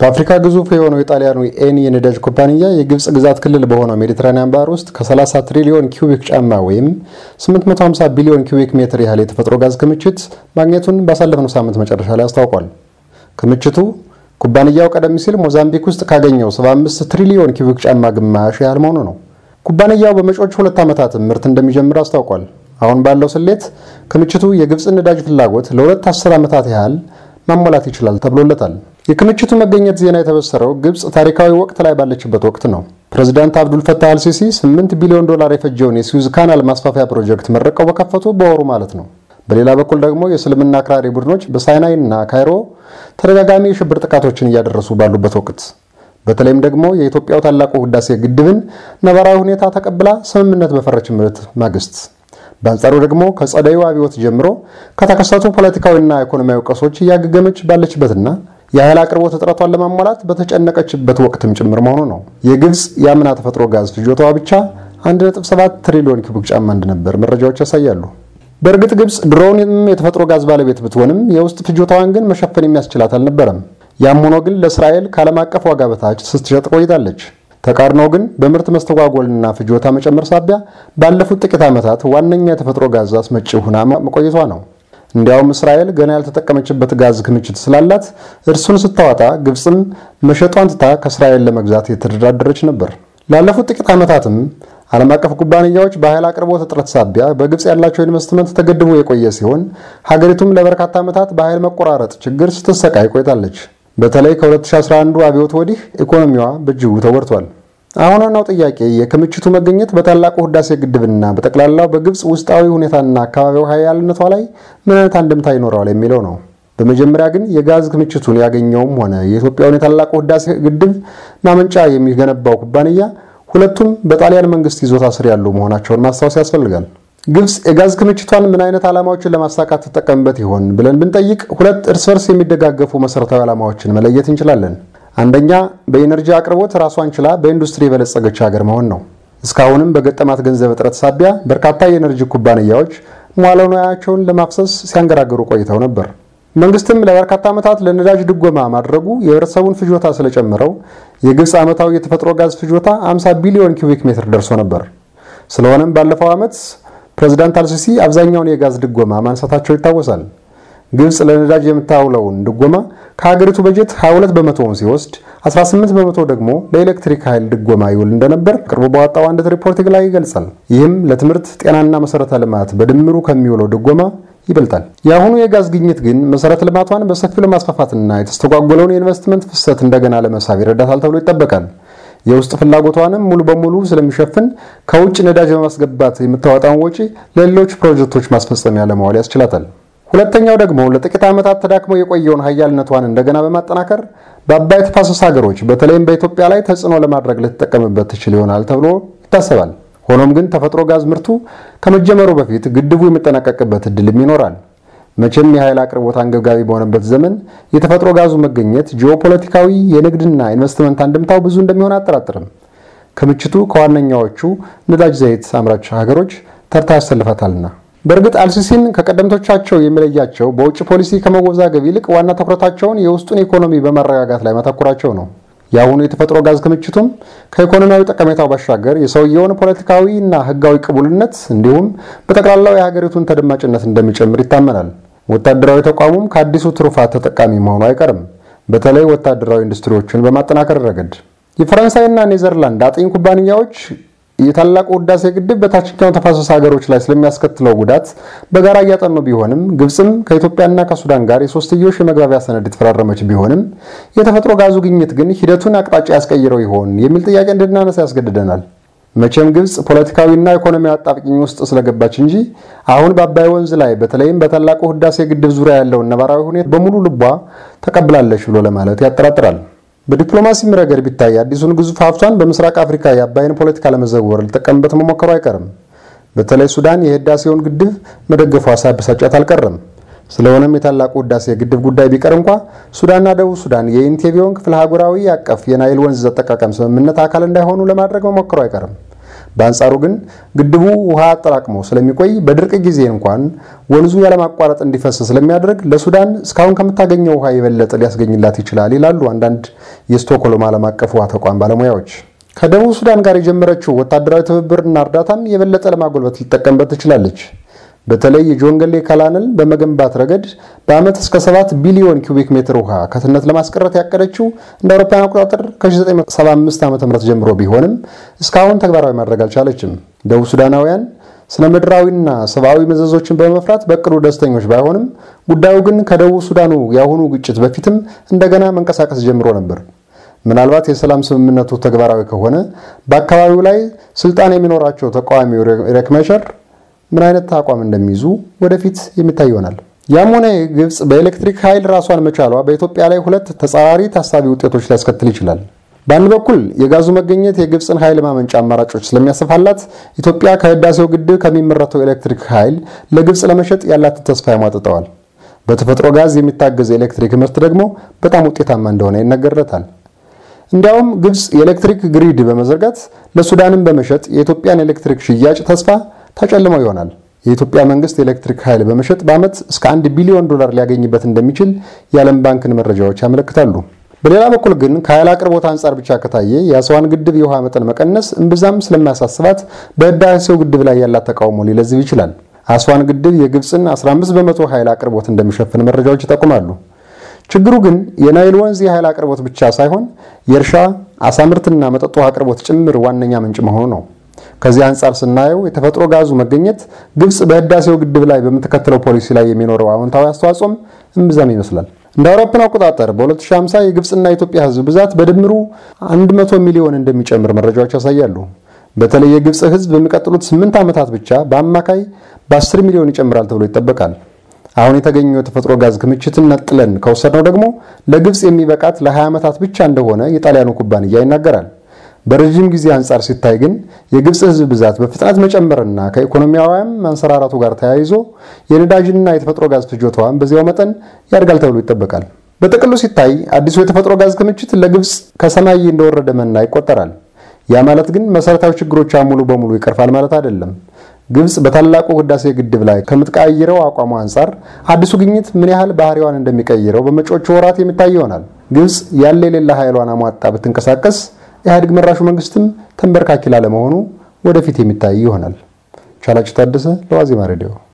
በአፍሪካ ግዙፍ የሆነው የጣሊያኑ ኤኒ የነዳጅ ኩባንያ የግብፅ ግዛት ክልል በሆነው ሜዲትራኒያን ባህር ውስጥ ከ30 ትሪሊዮን ኪዩቢክ ጫማ ወይም 850 ቢሊዮን ኪዩቢክ ሜትር ያህል የተፈጥሮ ጋዝ ክምችት ማግኘቱን ባሳለፍነው ሳምንት መጨረሻ ላይ አስታውቋል። ክምችቱ ኩባንያው ቀደም ሲል ሞዛምቢክ ውስጥ ካገኘው 75 ትሪሊዮን ኪዩቢክ ጫማ ግማሽ ያህል መሆኑ ነው። ኩባንያው በመጪዎቹ ሁለት ዓመታት ምርት እንደሚጀምር አስታውቋል። አሁን ባለው ስሌት ክምችቱ የግብፅ ነዳጅ ፍላጎት ለሁለት አስር ዓመታት ያህል ማሟላት ይችላል ተብሎለታል። የክምችቱ መገኘት ዜና የተበሰረው ግብፅ ታሪካዊ ወቅት ላይ ባለችበት ወቅት ነው። ፕሬዚዳንት አብዱልፈታህ አልሲሲ 8 ቢሊዮን ዶላር የፈጀውን የስዊዝ ካናል ማስፋፊያ ፕሮጀክት መርቀው በከፈቱ በወሩ ማለት ነው። በሌላ በኩል ደግሞ የእስልምና አክራሪ ቡድኖች በሳይናይ እና ካይሮ ተደጋጋሚ የሽብር ጥቃቶችን እያደረሱ ባሉበት ወቅት በተለይም ደግሞ የኢትዮጵያው ታላቁ ህዳሴ ግድብን ነባራዊ ሁኔታ ተቀብላ ስምምነት በፈረችበት ማግስት በአንጻሩ ደግሞ ከጸደዩ አብዮት ጀምሮ ከተከሰቱ ፖለቲካዊና ኢኮኖሚያዊ ቀሶች እያገገመች ባለችበትና የኃይል አቅርቦት እጥረቷን ለማሟላት በተጨነቀችበት ወቅትም ጭምር መሆኑ ነው። የግብፅ የአምና ተፈጥሮ ጋዝ ፍጆታዋ ብቻ 1.7 ትሪሊዮን ኪቡክ ጫማ እንደነበር መረጃዎች ያሳያሉ። በእርግጥ ግብፅ ድሮውንም የተፈጥሮ ጋዝ ባለቤት ብትሆንም የውስጥ ፍጆታዋን ግን መሸፈን የሚያስችላት አልነበረም። ያም ሆኖ ግን ለእስራኤል ከዓለም አቀፍ ዋጋ በታች ስትሸጥ ቆይታለች። ተቃርኖ ግን በምርት መስተጓጎልና ፍጆታ መጨመር ሳቢያ ባለፉት ጥቂት ዓመታት ዋነኛ የተፈጥሮ ጋዝ አስመጪ ሁና መቆየቷ ነው። እንዲያውም እስራኤል ገና ያልተጠቀመችበት ጋዝ ክምችት ስላላት እርሱን ስታወጣ ግብፅም መሸጧን ትታ ከእስራኤል ለመግዛት የተደራደረች ነበር። ላለፉት ጥቂት ዓመታትም ዓለም አቀፍ ኩባንያዎች በኃይል አቅርቦት እጥረት ሳቢያ በግብፅ ያላቸው ኢንቨስትመንት ተገድቦ የቆየ ሲሆን ሀገሪቱም ለበርካታ ዓመታት በኃይል መቆራረጥ ችግር ስትሰቃይ ቆይታለች። በተለይ ከ2011 አብዮት ወዲህ ኢኮኖሚዋ በእጅጉ ተጎድቷል። አሁን ዋናው ጥያቄ የክምችቱ መገኘት በታላቁ ህዳሴ ግድብና በጠቅላላው በግብፅ ውስጣዊ ሁኔታና አካባቢው ሀያልነቷ ላይ ምን አይነት አንድምታ ይኖረዋል የሚለው ነው። በመጀመሪያ ግን የጋዝ ክምችቱን ያገኘውም ሆነ የኢትዮጵያውን የታላቁ ህዳሴ ግድብ ማመንጫ የሚገነባው ኩባንያ ሁለቱም በጣሊያን መንግስት ይዞታ ስር ያሉ መሆናቸውን ማስታወስ ያስፈልጋል። ግብፅ የጋዝ ክምችቷን ምን አይነት ዓላማዎችን ለማሳካት ትጠቀምበት ይሆን ብለን ብንጠይቅ ሁለት እርስ በርስ የሚደጋገፉ መሠረታዊ ዓላማዎችን መለየት እንችላለን። አንደኛ በኢነርጂ አቅርቦት ራሷን ችላ በኢንዱስትሪ የበለጸገች ሀገር መሆን ነው። እስካሁንም በገጠማት ገንዘብ እጥረት ሳቢያ በርካታ የኤነርጂ ኩባንያዎች መዋለ ንዋያቸውን ለማፍሰስ ሲያንገራግሩ ቆይተው ነበር። መንግስትም ለበርካታ ዓመታት ለነዳጅ ድጎማ ማድረጉ የህብረተሰቡን ፍጆታ ስለጨመረው የግብፅ ዓመታዊ የተፈጥሮ ጋዝ ፍጆታ 50 ቢሊዮን ኪዩቢክ ሜትር ደርሶ ነበር። ስለሆነም ባለፈው ዓመት ፕሬዚዳንት አልሲሲ አብዛኛውን የጋዝ ድጎማ ማንሳታቸው ይታወሳል። ግብፅ ለነዳጅ የምታውለውን ድጎማ ከሀገሪቱ በጀት 22 በመቶውን ሲወስድ 18 በመቶ ደግሞ ለኤሌክትሪክ ኃይል ድጎማ ይውል እንደነበር ቅርቡ በወጣው አንድ ሪፖርቲግ ላይ ይገልጻል። ይህም ለትምህርት ጤናና መሰረተ ልማት በድምሩ ከሚውለው ድጎማ ይበልጣል። የአሁኑ የጋዝ ግኝት ግን መሰረተ ልማቷን በሰፊው ለማስፋፋትና የተስተጓጎለውን የኢንቨስትመንት ፍሰት እንደገና ለመሳብ ይረዳታል ተብሎ ይጠበቃል። የውስጥ ፍላጎቷንም ሙሉ በሙሉ ስለሚሸፍን ከውጭ ነዳጅ በማስገባት የምታወጣውን ወጪ ለሌሎች ፕሮጀክቶች ማስፈጸሚያ ለማዋል ያስችላታል። ሁለተኛው ደግሞ ለጥቂት ዓመታት ተዳክሞ የቆየውን ሀያልነቷን እንደገና በማጠናከር በአባይ ተፋሰስ ሀገሮች በተለይም በኢትዮጵያ ላይ ተጽዕኖ ለማድረግ ልትጠቀምበት ትችል ይሆናል ተብሎ ይታሰባል። ሆኖም ግን ተፈጥሮ ጋዝ ምርቱ ከመጀመሩ በፊት ግድቡ የሚጠናቀቅበት እድልም ይኖራል። መቼም የኃይል አቅርቦት አንገብጋቢ በሆነበት ዘመን የተፈጥሮ ጋዙ መገኘት ጂኦፖለቲካዊ፣ የንግድና ኢንቨስትመንት አንድምታው ብዙ እንደሚሆን አጠራጥርም። ክምችቱ ከዋነኛዎቹ ነዳጅ ዘይት አምራች ሀገሮች ተርታ ያሰልፋታልና። በእርግጥ አልሲሲን ከቀደምቶቻቸው የሚለያቸው በውጭ ፖሊሲ ከመወዛገብ ይልቅ ዋና ትኩረታቸውን የውስጡን ኢኮኖሚ በማረጋጋት ላይ ማተኮራቸው ነው። የአሁኑ የተፈጥሮ ጋዝ ክምችቱም ከኢኮኖሚያዊ ጠቀሜታው ባሻገር የሰውየውን ፖለቲካዊና ሕጋዊ ቅቡልነት እንዲሁም በጠቅላላው የሀገሪቱን ተደማጭነት እንደሚጨምር ይታመናል። ወታደራዊ ተቋሙም ከአዲሱ ትሩፋት ተጠቃሚ መሆኑ አይቀርም፣ በተለይ ወታደራዊ ኢንዱስትሪዎችን በማጠናከር ረገድ። የፈረንሳይና ኔዘርላንድ አጥኝ ኩባንያዎች የታላቁ ህዳሴ ግድብ በታችኛው ተፋሰስ ሀገሮች ላይ ስለሚያስከትለው ጉዳት በጋራ እያጠኑ ቢሆንም ግብፅም ከኢትዮጵያና ከሱዳን ጋር የሶስትዮሽ የመግባቢያ ሰነድ የተፈራረመች ቢሆንም የተፈጥሮ ጋዙ ግኝት ግን ሂደቱን አቅጣጫ ያስቀይረው ይሆን የሚል ጥያቄ እንድናነሳ ያስገድደናል። መቼም ግብፅ ፖለቲካዊና ኢኮኖሚያዊ አጣብቂኝ ውስጥ ስለገባች እንጂ አሁን በአባይ ወንዝ ላይ በተለይም በታላቁ ህዳሴ ግድብ ዙሪያ ያለውን ነባራዊ ሁኔታ በሙሉ ልቧ ተቀብላለች ብሎ ለማለት ያጠራጥራል። በዲፕሎማሲም ረገድ ቢታይ አዲሱን ግዙፍ ሀብቷን በምስራቅ አፍሪካ የአባይን ፖለቲካ ለመዘወር ልጠቀምበት መሞከሩ አይቀርም። በተለይ ሱዳን የህዳሴውን ግድብ መደገፏ ሳያበሳጫት አልቀረም። ስለሆነም የታላቁ ህዳሴ ግድብ ጉዳይ ቢቀር እንኳ ሱዳንና ደቡብ ሱዳን የኢንቴቪዮን ክፍለ አህጉራዊ አቀፍ የናይል ወንዝ አጠቃቀም ስምምነት አካል እንዳይሆኑ ለማድረግ መሞከሩ አይቀርም። በአንጻሩ ግን ግድቡ ውሃ አጠራቅሞ ስለሚቆይ በድርቅ ጊዜ እንኳን ወንዙ ያለማቋረጥ እንዲፈስ ስለሚያደርግ ለሱዳን እስካሁን ከምታገኘው ውሃ የበለጠ ሊያስገኝላት ይችላል ይላሉ አንዳንድ የስቶክሆልም ዓለም አቀፍ ውሃ ተቋም ባለሙያዎች። ከደቡብ ሱዳን ጋር የጀመረችው ወታደራዊ ትብብርና እርዳታም የበለጠ ለማጎልበት ልጠቀምበት ትችላለች። በተለይ ጆንገሌ ካናልን በመገንባት ረገድ በዓመት እስከ 7 ቢሊዮን ኪዩቢክ ሜትር ውሃ ከትነት ለማስቀረት ያቀደችው እንደ አውሮፓውያን አቆጣጠር ከ1975 ዓ ም ጀምሮ ቢሆንም እስካሁን ተግባራዊ ማድረግ አልቻለችም። ደቡብ ሱዳናውያን ስነ ምድራዊና ሰብአዊ መዘዞችን በመፍራት በቅዱ ደስተኞች ባይሆንም ጉዳዩ ግን ከደቡብ ሱዳኑ የአሁኑ ግጭት በፊትም እንደገና መንቀሳቀስ ጀምሮ ነበር። ምናልባት የሰላም ስምምነቱ ተግባራዊ ከሆነ በአካባቢው ላይ ስልጣን የሚኖራቸው ተቃዋሚ ሬክመሸር ምን አይነት አቋም እንደሚይዙ ወደፊት የሚታይ ይሆናል። ያም ሆነ ግብፅ በኤሌክትሪክ ኃይል ራሷን መቻሏ በኢትዮጵያ ላይ ሁለት ተጻራሪ ታሳቢ ውጤቶች ሊያስከትል ይችላል። በአንድ በኩል የጋዙ መገኘት የግብፅን ኃይል ማመንጫ አማራጮች ስለሚያሰፋላት ኢትዮጵያ ከህዳሴው ግድብ ከሚመረተው ኤሌክትሪክ ኃይል ለግብፅ ለመሸጥ ያላትን ተስፋ ያሟጥጠዋል። በተፈጥሮ ጋዝ የሚታገዝ የኤሌክትሪክ ምርት ደግሞ በጣም ውጤታማ እንደሆነ ይነገርለታል። እንዲያውም ግብፅ የኤሌክትሪክ ግሪድ በመዘርጋት ለሱዳንም በመሸጥ የኢትዮጵያን ኤሌክትሪክ ሽያጭ ተስፋ ተጨልሞ ይሆናል። የኢትዮጵያ መንግስት ኤሌክትሪክ ኃይል በመሸጥ በዓመት እስከ አንድ ቢሊዮን ዶላር ሊያገኝበት እንደሚችል የዓለም ባንክን መረጃዎች ያመለክታሉ። በሌላ በኩል ግን ከኃይል አቅርቦት አንጻር ብቻ ከታየ የአስዋን ግድብ የውሃ መጠን መቀነስ እምብዛም ስለማያሳስባት በህዳሴው ግድብ ላይ ያላት ተቃውሞ ሊለዝብ ይችላል። አስዋን ግድብ የግብፅን 15 በመቶ ኃይል አቅርቦት እንደሚሸፍን መረጃዎች ይጠቁማሉ። ችግሩ ግን የናይል ወንዝ የኃይል አቅርቦት ብቻ ሳይሆን የእርሻ አሳ ምርትና መጠጥ ውሃ አቅርቦት ጭምር ዋነኛ ምንጭ መሆኑ ነው። ከዚህ አንጻር ስናየው የተፈጥሮ ጋዙ መገኘት ግብፅ በህዳሴው ግድብ ላይ በምትከተለው ፖሊሲ ላይ የሚኖረው አዎንታዊ አስተዋጽኦም እምብዛም ይመስላል። እንደ አውሮፓን አቆጣጠር በ2050 የግብፅና የኢትዮጵያ ህዝብ ብዛት በድምሩ 100 ሚሊዮን እንደሚጨምር መረጃዎች ያሳያሉ። በተለይ የግብፅ ህዝብ በሚቀጥሉት 8 ዓመታት ብቻ በአማካይ በ10 ሚሊዮን ይጨምራል ተብሎ ይጠበቃል። አሁን የተገኘው የተፈጥሮ ጋዝ ክምችትን ነጥለን ከወሰድነው ደግሞ ለግብፅ የሚበቃት ለ20 ዓመታት ብቻ እንደሆነ የጣሊያኑ ኩባንያ ይናገራል። በረዥም ጊዜ አንጻር ሲታይ ግን የግብፅ ህዝብ ብዛት በፍጥነት መጨመርና ከኢኮኖሚያውያን ማንሰራራቱ ጋር ተያይዞ የነዳጅና የተፈጥሮ ጋዝ ፍጆታዋን በዚያው መጠን ያድጋል ተብሎ ይጠበቃል። በጥቅሉ ሲታይ አዲሱ የተፈጥሮ ጋዝ ክምችት ለግብፅ ከሰማይ እንደወረደ መና ይቆጠራል። ያ ማለት ግን መሰረታዊ ችግሮቿን ሙሉ በሙሉ ይቀርፋል ማለት አይደለም። ግብፅ በታላቁ ህዳሴ ግድብ ላይ ከምትቀያይረው አቋሙ አንጻር አዲሱ ግኝት ምን ያህል ባህሪዋን እንደሚቀይረው በመጪዎቹ ወራት የሚታይ ይሆናል። ግብፅ ያለ የሌላ ኃይሏን አሟጣ ብትንቀሳቀስ ኢህአዴግ መራሹ መንግስትም ተንበርካኪ ላለመሆኑ ወደፊት የሚታይ ይሆናል። ቻላቸው ታደሰ ለዋዜማ ሬዲዮ